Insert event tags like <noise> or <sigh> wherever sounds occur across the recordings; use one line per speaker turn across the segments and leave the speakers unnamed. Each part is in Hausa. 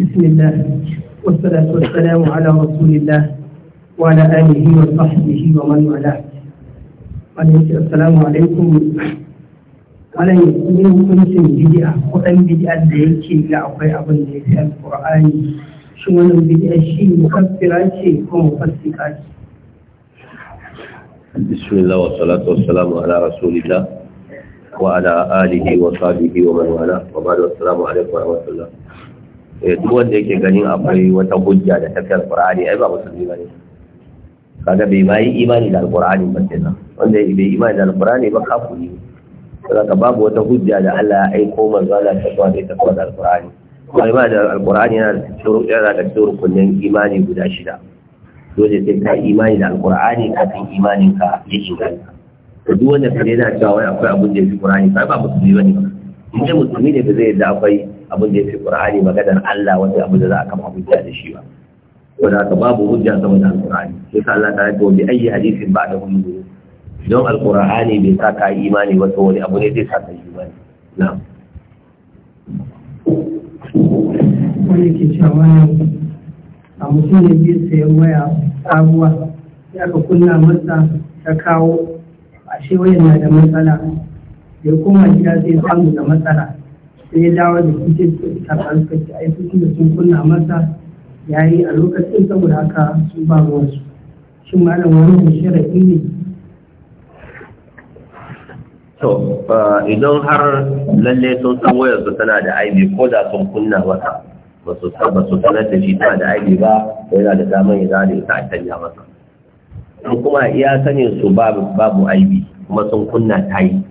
بسم الله والصلاة والسلام على رسول الله وعلى آله وصحبه ومن والاه السلام عليكم wannan ne hukuncin bid'a kuɗin bid'a da yake ga akwai abin da ya fi alƙur'ani shi wannan bid'a shi
بسم الله والصلاة والسلام على رسول الله وعلى آله وصحبه ومن والاه وبعد والسلام عليكم ورحمة الله Eh, duk wanda yake ganin akwai wata hujja da ta kai alqur'ani ai ba musulmi bane kaga bai ma yi imani da alqur'ani ba nan wanda bai imani da alqur'ani ba kafiri saboda babu wata hujja da Allah ya aiko manzo Allah ta zuwa da ta zuwa da alqur'ani kuma ba da yana da cikin yana da cikin rukunin imani guda shida dole sai ka imani da alqur'ani kafin imanin ka ya inganta to duk wanda ka daina cewa wai akwai abun da ya fi ƙur'ani ba ba musulmi ne ba in dai musulmi ne ba zai yadda akwai abin da ya fi ƙur'ani maganar Allah wanda abin da za a kama hujja da shi ba wanda haka babu hujja sama da alqur'ani sai sa Allah ta yi bi ayi hadisin ba da wani hujja don alƙur'ani bai sa ka imani ba to wani abu ne zai sa ka imani na'am
wani ke cewa a mutum ya biya sayan waya sabuwa ya ka kunna masa ta kawo ashe wayan na da matsala ya kuma gida zai samu da matsala sai ya dawo da kuke karɓar suka ce ai kuke da sun kunna masa ya yi a lokacin saboda haka su ba ruwansu ma malam wani da sharaɗi ne
to idan har lalle sun san wayarsu tana da aibi ko da sun kunna masa ba su sanar da shi tana da aibi ba yana da damar ya zane ta a canja masa in kuma iya sani su babu aibi kuma sun kunna ta yi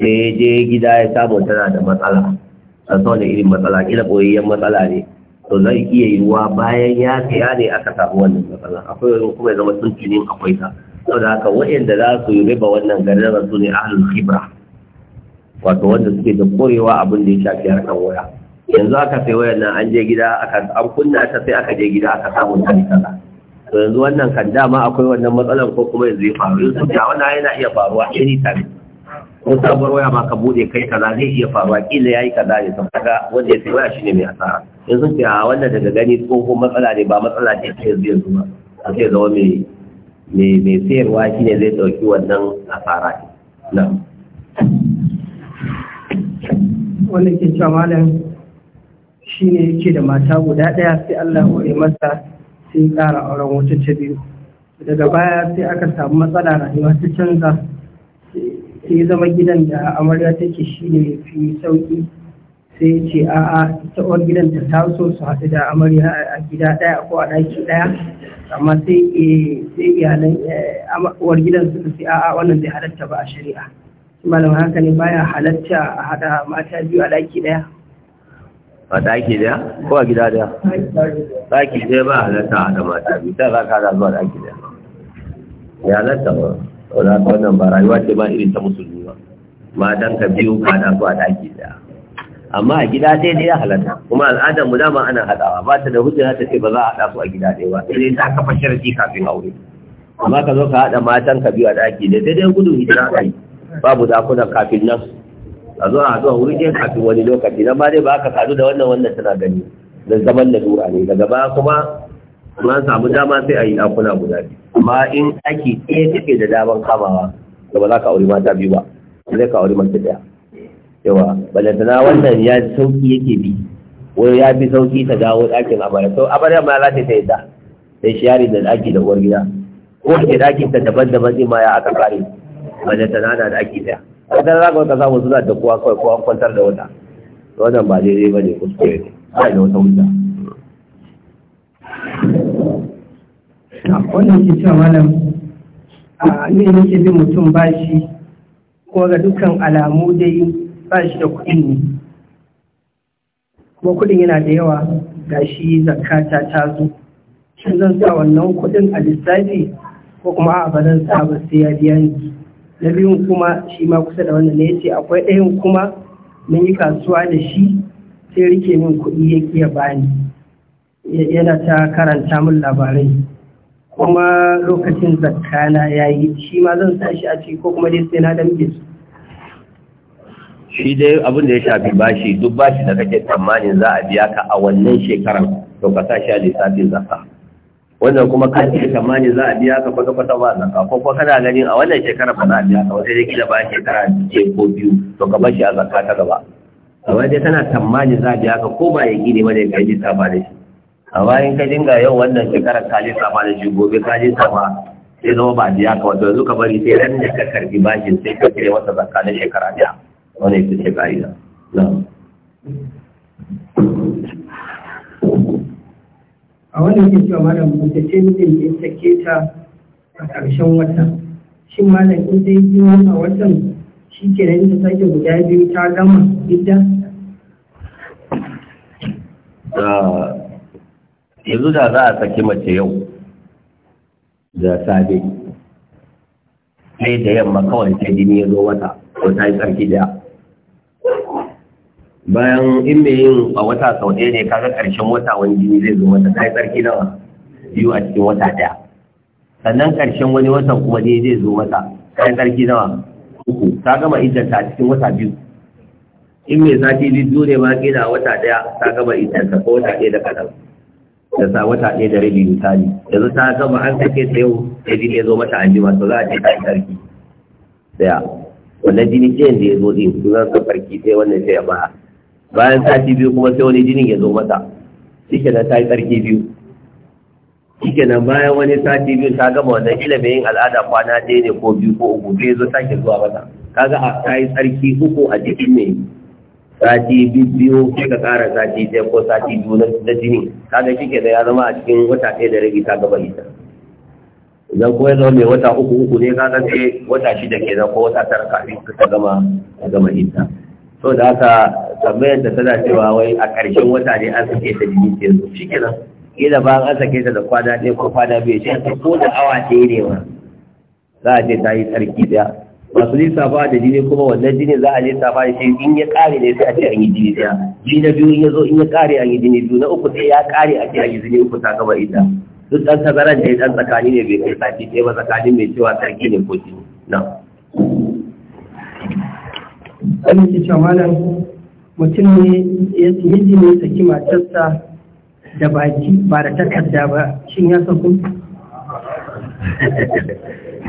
sai je gida ya samu tana da matsala san ta wani irin matsala kila boyayyen matsala ne to zai iya yiwuwa bayan ya saya ne aka samu wannan matsala akwai wani kuma ya zama sun tunin akwai ta saboda haka waɗanda za su yi riba wannan garin su ne halin khibra wato wanda suke da korewa abin da ya shafi harkar waya yanzu aka sai wayan nan an je gida aka an kunna ta sai aka je gida aka samu ta kaza to yanzu wannan kan dama akwai wannan matsalar ko kuma yanzu ya faru yanzu da wannan yana iya faruwa anytime in sabuwar waya ma ka bude kai kaza zai iya faruwa kila yayi kaza ne saboda ga wanda ya tsaya shi shine mai asara in sun ce a wannan daga gani tsoho matsala ne ba matsala ce ta yanzu yanzu ba a ce zama mai mai mai sayarwa shine zai dauki wannan asara ne na
wannan ke cewa malam shine yake da mata guda daya sai Allah ya masa sai ƙara auren wata ta biyu daga baya sai aka samu matsala rayuwa ta canza sai zama gidan da amarya take shi ne fi sauki sai ce a a ita uwar gidan ta so su haɗu da amarya a gida ɗaya ko a ɗaki ɗaya amma sai eh, iyalan eh, uwar gidan suka ce a a wannan zai halatta ba a shari'a malam haka ne baya halatta a haɗa mata biyu a ɗaki ɗaya
a ɗaki ɗaya? ko a gida ɗaya ɗaki ɗaya ba halatta a haɗa mata biyu ta za ka zuwa ɗaki ɗaya? ya halatta ba wannan ba rayuwa ce ba irin ta musulmi ba matan ka biyu ka da su a daki da amma a gida ɗaya da ya halatta kuma al'adar mu dama ana hadawa ba ta da hujja ta ce ba za a haɗa su a gida dai ba sai dai ta kafa sharadi kafin aure amma ka zo ka haɗa matan ka biyu a daki da dai gudun hijira kai babu dakunan kafin nan a zo a zuwa wuri ɗaya kafin wani lokaci na ba dai ba ka sadu da wannan wannan tana gani da zaman dura ne daga ba kuma kuma samu dama sai a yi ɗakuna guda biyu amma in ɗaki ɗaya take da daman kamawa da ba za ka auri mata biyu ba zai ka auri mata ɗaya yawa balantana wannan ya sauki yake bi wai ya fi sauki ta dawo ɗakin amarya sau amarya ma za ta ta yadda sai shiyari da ɗaki da uwar gida ko ke ɗakin ta daban-daban ɗin ma ya aka kare balantana na da ɗaki ɗaya kada za ka wata samu suna da kowa kawai ko an kwantar da wata wannan ba daidai ba ne kuskure ne ba da wata wuta
wannan ke cewa malam a ne nake bin mutum bashi kuma ga dukkan alamu dai bashi da kuɗi ne kuma kuɗin yana da yawa ga shi zakata ta zo shi zan sa wannan kuɗin a lissafi ko kuma a ba sa ba sai ya biya ni na biyun kuma shi ma kusa da wannan ne ya ce akwai ɗayan kuma mun yi kasuwa da shi sai rike min kuɗi ya bani yana ta karanta min labarai kuma lokacin zakana ya yi shi ma zan sa shi a ce ko kuma dai sai na dambe su
shi dai abin da ya shafi bashi duk bashi da kake tsammanin za a biya ka a wannan shekaran to ka sa shi a lissafin zakka wannan kuma ka ce tsammanin za a biya ka kwata kwata ba zakka ko kuma kana ganin a wannan shekarar ba za a biya ka wata da kila ba shekara ce ko biyu to ka bar shi a zakka ta gaba amma dai tana tsammanin za a biya ka ko ba ya gini ba ya ka yi lissafa da shi amma in ka dinga yau wannan shekarar ka je sama da shi gobe ka je sama sai zama ba biya ka wato yanzu ka bari sai ran da ka karbi bashin sai ka kire masa zakka na shekara biya wani su ce ka'ida
a wannan yake cewa malam mace ce mijin ya sake ta a ƙarshen wata shi malam in dai yi a watan shi ke nan ta sake guda biyu ta gama idan
yanzu da za a saki mace yau da safe sai da yamma kawai sai jini ya zo wata ko ta yi tsarki da bayan in mai yin a wata sau ɗaya ne kaga ƙarshen wata wani jini zai zo mata ta yi tsarki nawa biyu a cikin wata ɗaya sannan ƙarshen wani watan kuma ne zai zo mata ta yi tsarki nawa uku ta gama idanta a cikin wata biyu in mai sati biyu ne ma kila wata ɗaya ta gama idanta ko wata ɗaya da kaɗan da sa wata ɗaya da rabi misali yanzu ta gama an sake ta da jini ya zo mata an jima to za a ce ta yi sarki daya wannan jini ɗayan da ya zo ɗin sunan sa farki sai wannan sai ya ba bayan sati biyu kuma sai wani jinin ya zo mata shi kenan ta yi sarki biyu shi kenan bayan wani sati biyu ta gama wannan ilimin al'ada kwana ɗaya ne ko biyu ko uku sai zo sake zuwa mata kaga a ta yi sarki uku a jikin mai sati biyu sai ka kara sati ɗaya ko sati biyu na jini kaga shi ke da ya zama a cikin wata ɗaya da rabi ta gaba ita idan ko ya zama mai wata uku uku ne kaga sai wata shida ke ko wata tara kafin ka gama ka gama ita so da haka tambayar da tana cewa wai a ƙarshen wata ne an sake ta jini ce zo shi kenan kila ba an sake ta da kwana ɗaya ko kwana biyu sai ko da awa ɗaya ne ma za a ce ta yi tsarki ɗaya masu lissafa da jini kuma wannan jini za a lissafa da shi in ya kare ne sai a ce an yi jini daya jini na biyu in ya zo in ya kare an yi jini biyu na uku sai ya kare a ce an yi jini uku ta gaba ita duk dan tazaran da ya dan tsakani ne bai kai sati ɗaya ba tsakanin mai cewa sarki ne ko jini na.
Sani ke cewa malam mutum ne yi jini saki matarsa da baki ba da takarda ba shin ya saku?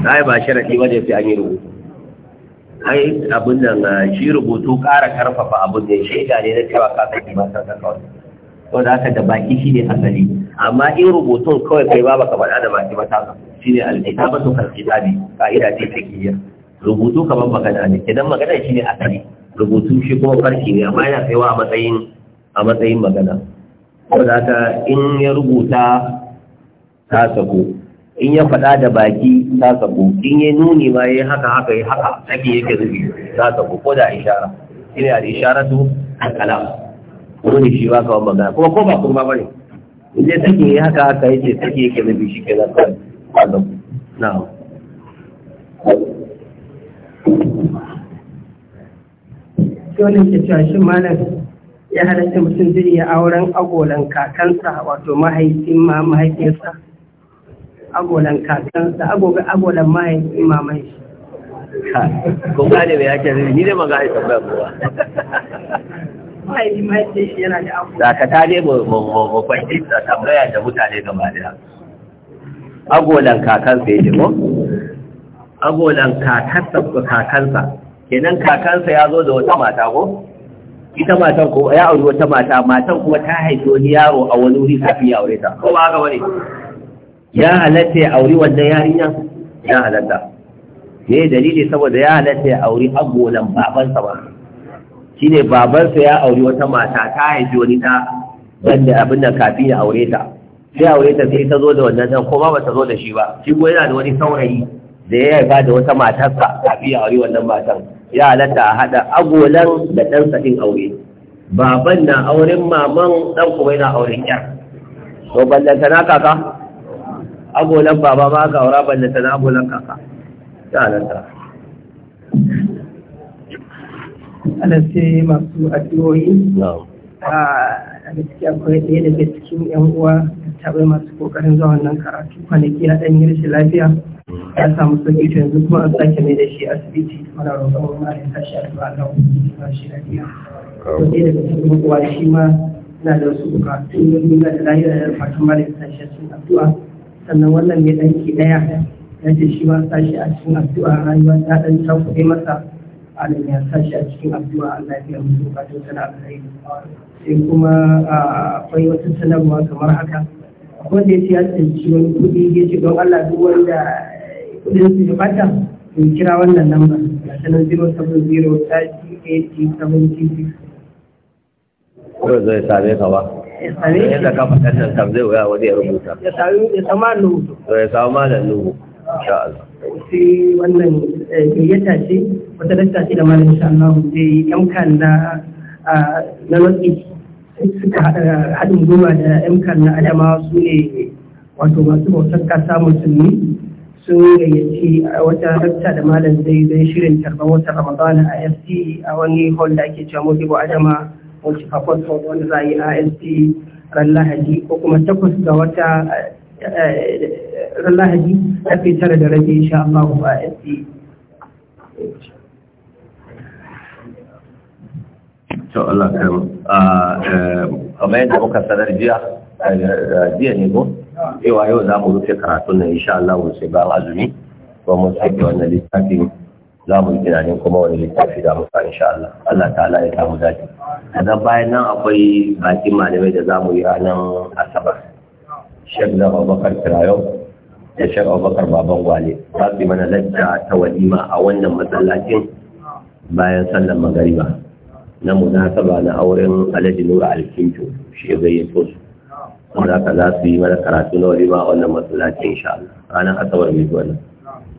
Na <laughs> ba sharaɗi ba da fi an yi rubutu. ai abin nan ah, shi rubutu ƙara karfafa abin da shaida ne na cewa ka saki matar ka kawai ko da ka da baki shi ne asali amma in rubutun kawai kai ba baka faɗa da baki ba ta shi ne alƙitaba su kalƙitabi ka'ida ce ta kiyar rubutu kamar magana ne idan magana shi ne asali rubutu shi kuma farki ne amma yana kaiwa a matsayin a matsayin magana ko da ka in ya rubuta ta sako in ya faɗa da baki ta sabu in ya nuni ma ya haka haka ya haka ake yake zubi ta sabu ko da ishara ina da ishara su a kalam wani shi ba kawai magana kuma ko ba kuma ba ne in dai take ya haka haka yace take yake zubi shi ke zan kawai na
dole ke cewa shi malam ya halatta mutum zai iya auren agolan kakansa wato mahaifin ma mahaifiyarsa agolan kakansa agolan mahaifin imamai shi kun gane mai ake zai ni
maga ban gane tambayar kowa
mahaifin mahaifin shi yana
da ka ta ne mu kwanci tambaya da mutane gaba daya agolan kakansa ya ko agolan kakansa ko kakansa kenan kakansa ya zo da wata mata ko ita matan ko ya auri wata mata matan kuma ta haifi wani yaro a wani wuri kafin ya aure ta ko ba haka bane ya halatta ya auri wannan yarinya ya halatta me dalili saboda ya halatta ya auri agolan babansa ba shine babansa ya auri wata mata ta haifi wani da banda abin da kafin ya aure ta sai aure ta sai ta zo da wannan dan kuma ba ta zo da shi ba shi ko yana da wani saurayi da ya haifa da wata matarsa kafin ya auri wannan matan ya halatta a haɗa agolan da ɗan ɗin aure baban na auren maman ɗan kuma yana auren ƴar to na kaka agolan baba ma ga aura balle ta agolan kaka ya ana
alasai masu addu'o'i a gaskiya akwai ɗaya daga cikin yan uwa bai masu ƙoƙarin zuwa wannan karatu kwanaki ya ɗan yi lafiya ya samu sauƙi to yanzu kuma an sake mai da shi asibiti mana roƙon wa ma shi tashi a Allah ubangiji ba shi lafiya to ɗaya daga cikin uwa shi ma na da wasu bukatu na da lahira da fatan ma da ya tashi a cikin addu'a sannan wannan mai ɗanki ɗaya ya ce shi ma sa shi a cikin addu'a rayuwa ta ɗan cakuɗe masa nan ya sa shi a cikin addu'a Allah ya musu bukatun sana alkhairi sai kuma akwai wata sanarwa kamar haka akwai da ya ce ya tsinci wani kuɗi ya ce don Allah duk wanda kuɗin su ya bata to kira wannan lambar ga sanar thirty eighty seventy six.
ko zai same ka ba ya saka fatannan kam zai wuya wani ya rubuta ya
samu malam
nuhu ya samu malam nuhu insha Allah
sai wannan eh, gayyata ce wata dakta ce da malam insha Allah zai yamkan na na roƙi suka haɗin goma da yankan na Adama su ne wato masu bautar kasa musulmi sun gayyaci wata rakta da malam zai zai shirin karɓar wata ramadana a fc a wani hall da ake cewa mutu adama Akwai kwasfon wanda za a yi asp ran lahadi ko kuma takwas ga wata eh, ran lahadi karfe tara da rabi insha Allah a asp
to Allah kai eh, kamar yadda muka sanar jiya eh, jiya ne ko cewa yau za mu rufe karatun na insha Allah sai bayan azumi ba mu sake wannan littafin za mu yi ne kuma wani littafi da muka insha Allah Allah ta'ala ya samu dace da bayan nan akwai bakin malamai da za mu yi ranar asabar shek da babakar kirayo da shek abubakar baban gwale za su yi mana lacca ta walima a wannan masallacin bayan sallan magariba na munasaba na auren alhaji nura Alkinjo shi ya gayyato su kuma ka za su yi mana karatu na walima a wannan masallacin insha Allah ranar asabar mai zuwa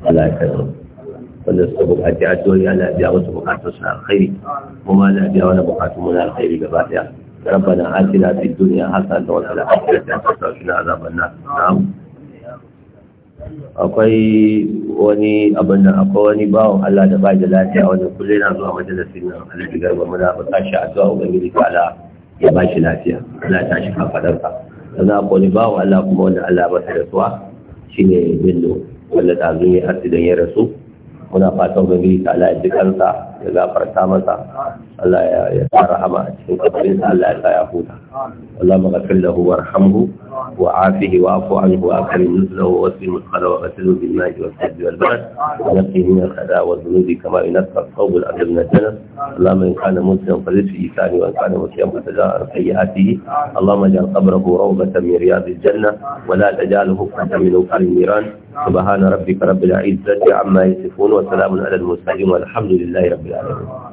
Allah ya kai wanda suka bukaci addu'o'i ya biya wasu bukatun su alkhairi kuma Allah biya wani bukatun mu na alkhairi gaba daya ربنا آتنا في da حسنة وفي الآخرة حسنة وقنا عذاب النار نعم akwai wani abin da akwai wani bawon Allah da ba da lafiya wani kullum yana zuwa majalisin nan ya garba muna bukashi addu'a ubangiji ta Allah ya ba shi lafiya Allah ta shi kafadarka sannan akwai wani bawon Allah kuma wanda Allah ba ta rasuwa shine bindo wanda ta zuwa asidan ya rasu muna fatan ubangiji ta ala ya kansa ya gafarta masa Allah ya ya rahama a cikin kabarin sa Allah ya sa ya huta Allah maghfir lahu warhamhu wa afihi wa afu anhu wa akrim nuzlahu wa wasfi mudkhala wa ghasilu bil ma'i wal thajj wal barad wa naqi al wa dhunubi kama thawb al adab min al kana fa isani wa kana fa tajaa سبحان ربك رب العزة عما يصفون وسلام على المرسلين والحمد لله رب
عليه